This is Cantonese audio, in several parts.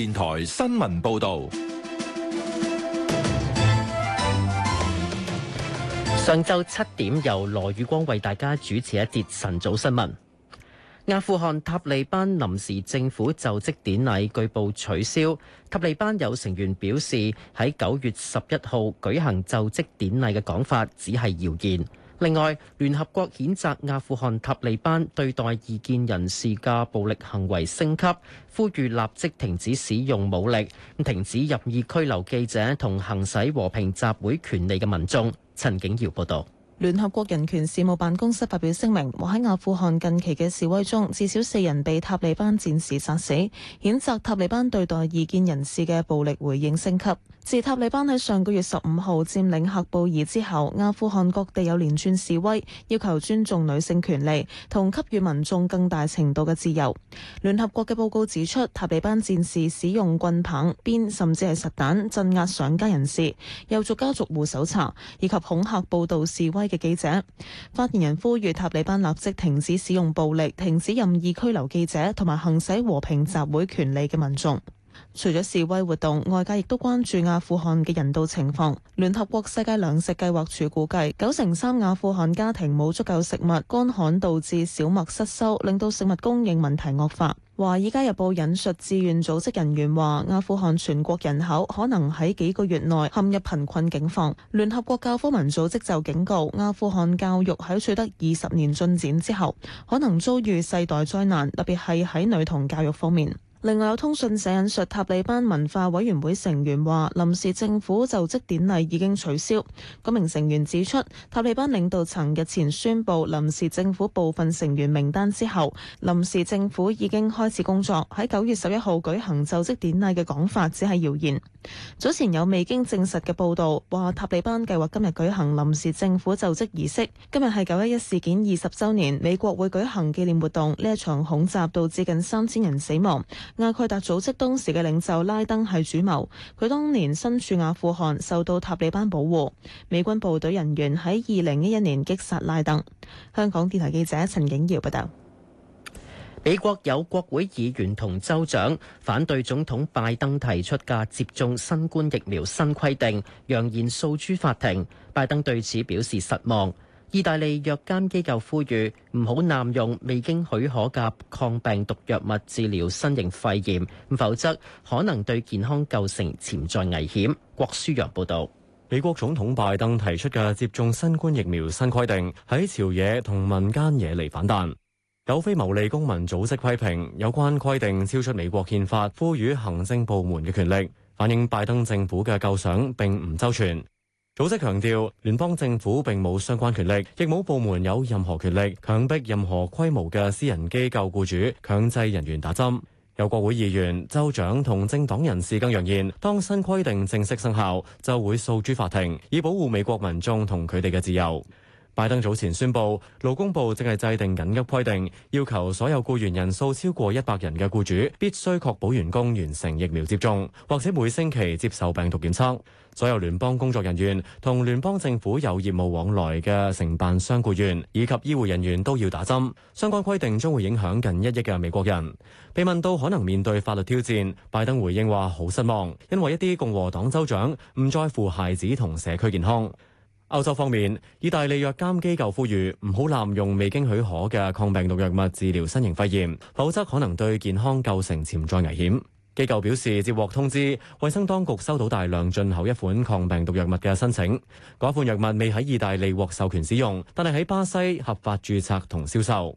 電台新聞報道：上晝七點由羅宇光為大家主持一節晨早新聞。阿富汗塔利班臨時政府就職典禮據報取消，塔利班有成員表示喺九月十一號舉行就職典禮嘅講法只係謠言。另外，聯合國譴責阿富汗塔利班對待異見人士嘅暴力行為升級，呼籲立即停止使用武力，停止任意拘留記者同行使和平集會權利嘅民眾。陳景堯報道。聯合國人權事務辦公室發表聲明，話喺阿富汗近期嘅示威中，至少四人被塔利班戰士殺死，譴責塔利班對待異見人士嘅暴力回應升級。自塔利班喺上個月十五號佔領喀布爾之後，阿富汗各地有連串示威，要求尊重女性權利同給予民眾更大程度嘅自由。聯合國嘅報告指出，塔利班戰士使用棍棒、鞭甚至係實彈鎮壓上街人士，又逐家逐戶搜查，以及恐嚇報道示威嘅記者，發言人呼籲塔利班立即停止使用暴力，停止任意拘留記者同埋行使和平集會權利嘅民眾。除咗示威活動，外界亦都關注阿富汗嘅人道情況。聯合國世界糧食計劃署估計，九成三阿富汗家庭冇足夠食物。乾旱導致小麥失收，令到食物供應問題惡化。華爾街日報引述志願組織人員話：阿富汗全國人口可能喺幾個月內陷入貧困境況。聯合國教科文組織就警告，阿富汗教育喺取得二十年進展之後，可能遭遇世代災難，特別係喺女童教育方面。另外有通訊社引述塔利班文化委員會成員話，臨時政府就職典禮已經取消。嗰名成員指出，塔利班領導層日前宣布臨時政府部分成員名單之後，臨時政府已經開始工作。喺九月十一號舉行就職典禮嘅講法只係謠言。早前有未經證實嘅報道話塔利班計劃今日舉行臨時政府就職儀式。今日係九一一事件二十周年，美國會舉行紀念活動。呢一場恐襲導致近三千人死亡。阿蓋達組織當時嘅領袖拉登係主謀，佢當年身處阿富汗，受到塔利班保護。美軍部隊人員喺二零一一年擊殺拉登。香港電台記者陳景耀報道，美國有國會議員同州長反對總統拜登提出嘅接種新冠疫苗新規定，揚言訴諸法庭。拜登對此表示失望。意大利藥監機構呼籲唔好濫用未經許可嘅抗病毒藥物治療新型肺炎，否則可能對健康構成潛在危險。郭書陽報道，美國總統拜登提出嘅接種新冠疫苗新規定，喺朝野同民間惹嚟反彈，有非牟利公民組織批評有關規定超出美國憲法賦予行政部門嘅權力，反映拜登政府嘅構想並唔周全。組織強調，聯邦政府並冇相關權力，亦冇部門有任何權力強迫任何規模嘅私人機構僱主強制人員打針。有國會議員、州長同政黨人士更揚言，當新規定正式生效，就會訴諸法庭，以保護美國民眾同佢哋嘅自由。拜登早前宣布，勞工部正係制定緊急規定，要求所有僱員人數超過一百人嘅僱主必須確保員工完成疫苗接種，或者每星期接受病毒檢測。所有聯邦工作人員同聯邦政府有業務往來嘅承辦商僱員以及醫護人員都要打針，相關規定將會影響近一億嘅美國人。被問到可能面對法律挑戰，拜登回應話好失望，因為一啲共和黨州長唔在乎孩子同社區健康。歐洲方面，意大利藥監機構呼籲唔好濫用未經許可嘅抗病毒藥物治療新型肺炎，否則可能對健康構成潛在危險。機構表示，接獲通知，衛生當局收到大量進口一款抗病毒藥物嘅申請。嗰款藥物未喺意大利獲授權使用，但係喺巴西合法注冊同銷售。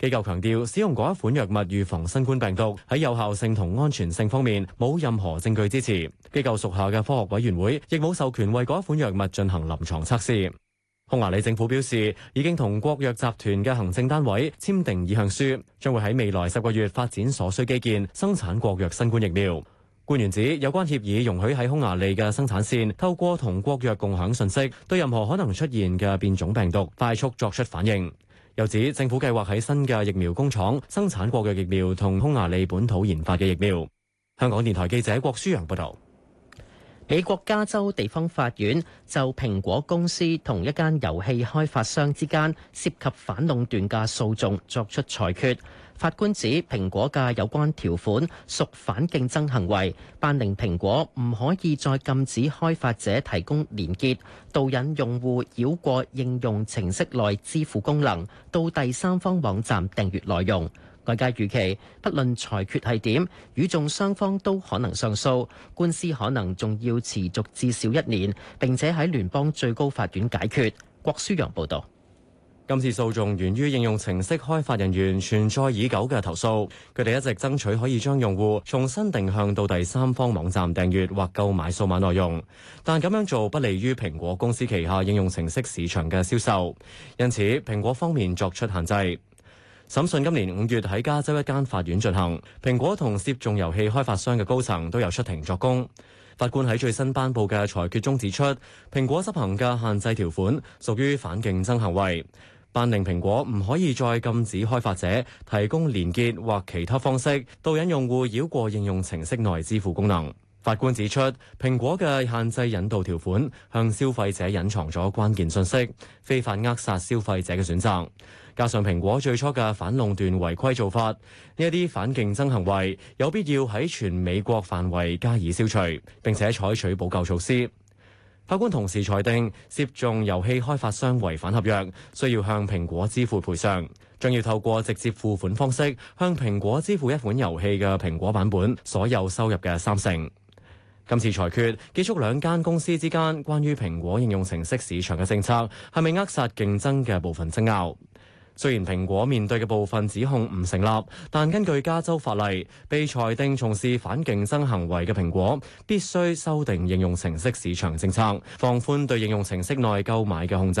機構強調，使用嗰一款藥物預防新冠病毒喺有效性同安全性方面冇任何證據支持。機構屬下嘅科學委員會亦冇授權為嗰一款藥物進行臨床測試。匈牙利政府表示，已經同國藥集團嘅行政單位簽訂意向書，將會喺未來十個月發展所需基建，生產國藥新冠疫苗。官員指，有關協議容許喺匈牙利嘅生產線透過同國藥共享信息，對任何可能出現嘅變種病毒快速作出反應。又指政府計劃喺新嘅疫苗工廠生產國藥疫苗同匈牙利本土研發嘅疫苗。香港電台記者郭舒揚報道。美國加州地方法院就蘋果公司同一間遊戲開發商之間涉及反壟斷嘅訴訟作出裁決。法官指蘋果嘅有關條款屬反競爭行為，判令蘋果唔可以再禁止開發者提供連結，導引用戶繞過應用程式內支付功能，到第三方網站訂閱內容。外界預期，不論裁決係點，與眾雙方都可能上訴，官司可能仲要持續至少一年，並且喺聯邦最高法院解決。郭舒陽報道，今次訴訟源於應用程式開發人員存在已久嘅投訴，佢哋一直爭取可以將用戶重新定向到第三方網站訂閱或購買數碼內容，但咁樣做不利於蘋果公司旗下應用程式市場嘅銷售，因此蘋果方面作出限制。審訊今年五月喺加州一間法院進行，蘋果同涉眾遊戲開發商嘅高層都有出庭作供。法官喺最新頒布嘅裁決中指出，蘋果執行嘅限制條款屬於反競爭行為，判令蘋果唔可以再禁止開發者提供連結或其他方式，導引用戶繞過應用程式內支付功能。法官指出，蘋果嘅限制引導條款向消費者隱藏咗關鍵信息，非法扼殺消費者嘅選擇。加上蘋果最初嘅反壟斷違規做法，呢一啲反競爭行為有必要喺全美國範圍加以消除，並且採取補救措施。法官同時裁定，涉眾遊戲開發商違反合約，需要向蘋果支付賠償，仲要透過直接付款方式向蘋果支付一款遊戲嘅蘋果版本所有收入嘅三成。今次裁決結束兩間公司之間關於蘋果應用程式市場嘅政策係咪扼殺競爭嘅部分爭拗。雖然蘋果面對嘅部分指控唔成立，但根據加州法例，被裁定從事反競爭行為嘅蘋果必須修訂應用程式市場政策，放寬對應用程式內購買嘅控制。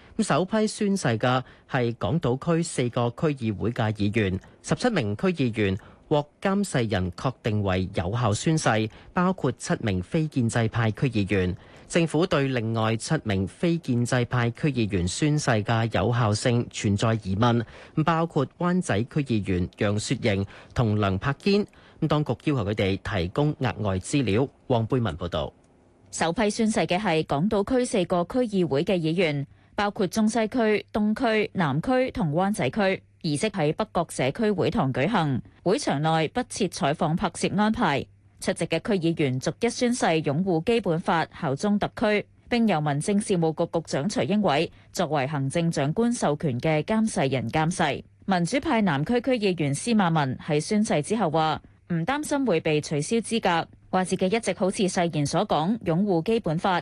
首批宣誓嘅係港島區四個區議會嘅議員，十七名區議員獲監誓人確定為有效宣誓，包括七名非建制派區議員，政府對另外七名非建制派區議員宣誓嘅有效性存在疑問，包括灣仔區議員楊雪瑩同梁柏堅，當局要求佢哋提供額外資料。黃貝文報道，首批宣誓嘅係港島區四個區議會嘅議員。包括中西區、東區、南區同灣仔區，儀式喺北角社區會堂舉行，會場內不設採訪拍攝安排。出席嘅區議員逐一宣誓擁護基本法、效忠特區，並由民政事務局局長徐英偉作為行政長官授權嘅監誓人監誓。民主派南區區議員司馬文喺宣誓之後話：唔擔心會被取消資格，話自己一直好似誓言所講擁護基本法。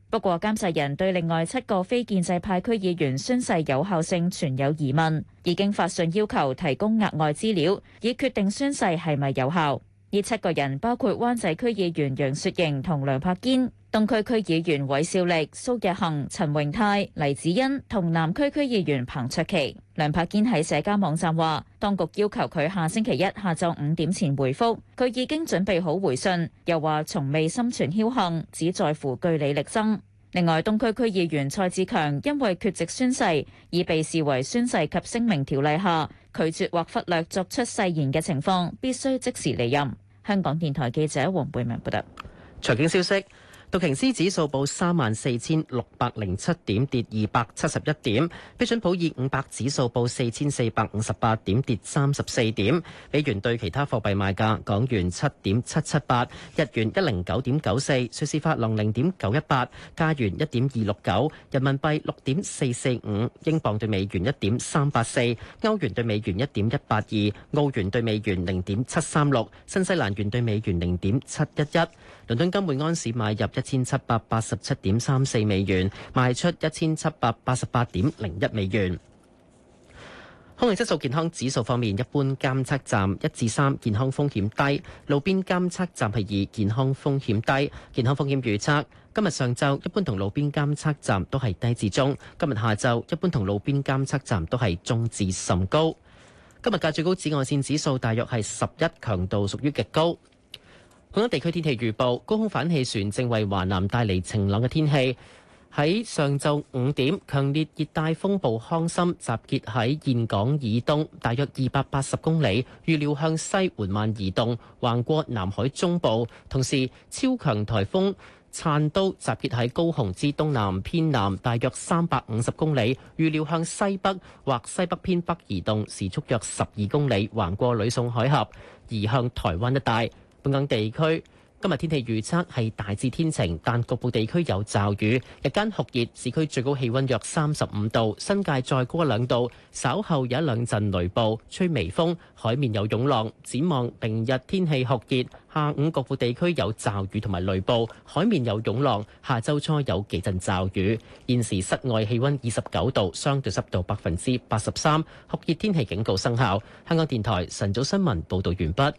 不過，監誓人對另外七個非建制派區議員宣誓有效性存有疑問，已經發信要求提供額外資料，以決定宣誓係咪有效。呢七個人包括灣仔區議員楊雪盈同梁柏堅、東區區議員韋少力、蘇日恒、陳榮泰、黎子欣同南區區議員彭卓棋。梁柏堅喺社交網站話，當局要求佢下星期一下晝五點前回覆，佢已經準備好回信，又話從未心存僥倖，只在乎據理力爭。另外，東區區議員蔡志強因為缺席宣誓，已被視為宣誓及聲明條例下拒絕或忽略作出誓言嘅情況，必須即時離任。香港電台記者黃貝明報道。財經消息。道瓊斯指數報三萬四千六百零七點，跌二百七十一點。標準普爾五百指數報四千四百五十八點，跌三十四點。美元對其他貨幣賣價：港元七點七七八，日元一零九點九四，瑞士法郎零點九一八，加元一點二六九，人民幣六點四四五，英鎊對美元一點三八四，歐元對美元一點一八二，澳元對美元零點七三六，新西蘭元對美元零點七一一。倫敦金每盎士買入一千七百八十七點三四美元，賣出一千七百八十八點零一美元。空氣質素健康指數方面，一般監測站一至三，健康風險低；路邊監測站係二，健康風險低。健康風險預測，今日上晝一般同路邊監測站都係低至中，今日下晝一般同路邊監測站都係中至甚高。今日嘅最高紫外線指數大約係十一，強度屬於極高。本港地區天氣預報，高空反氣旋正為華南帶嚟晴朗嘅天氣。喺上晝五點，強烈熱帶風暴康森集結喺香港以東，大約二百八十公里，預料向西緩慢移動，橫過南海中部。同時，超強颱風燦都集結喺高雄至東南偏南，大約三百五十公里，預料向西北或西北偏北移動，時速約十二公里，橫過呂宋海峽，移向台灣一帶。本港地區今日天氣預測係大致天晴，但局部地區有驟雨。日間酷熱，市區最高氣温約三十五度，新界再高一兩度。稍後有一兩陣雷暴，吹微風，海面有湧浪。展望明日天氣酷熱，下午局部地區有驟雨同埋雷暴，海面有湧浪。下週初有幾陣驟雨。現時室外氣温二十九度，相對濕度百分之八十三，酷熱天氣警告生效。香港電台晨早新聞報道完畢。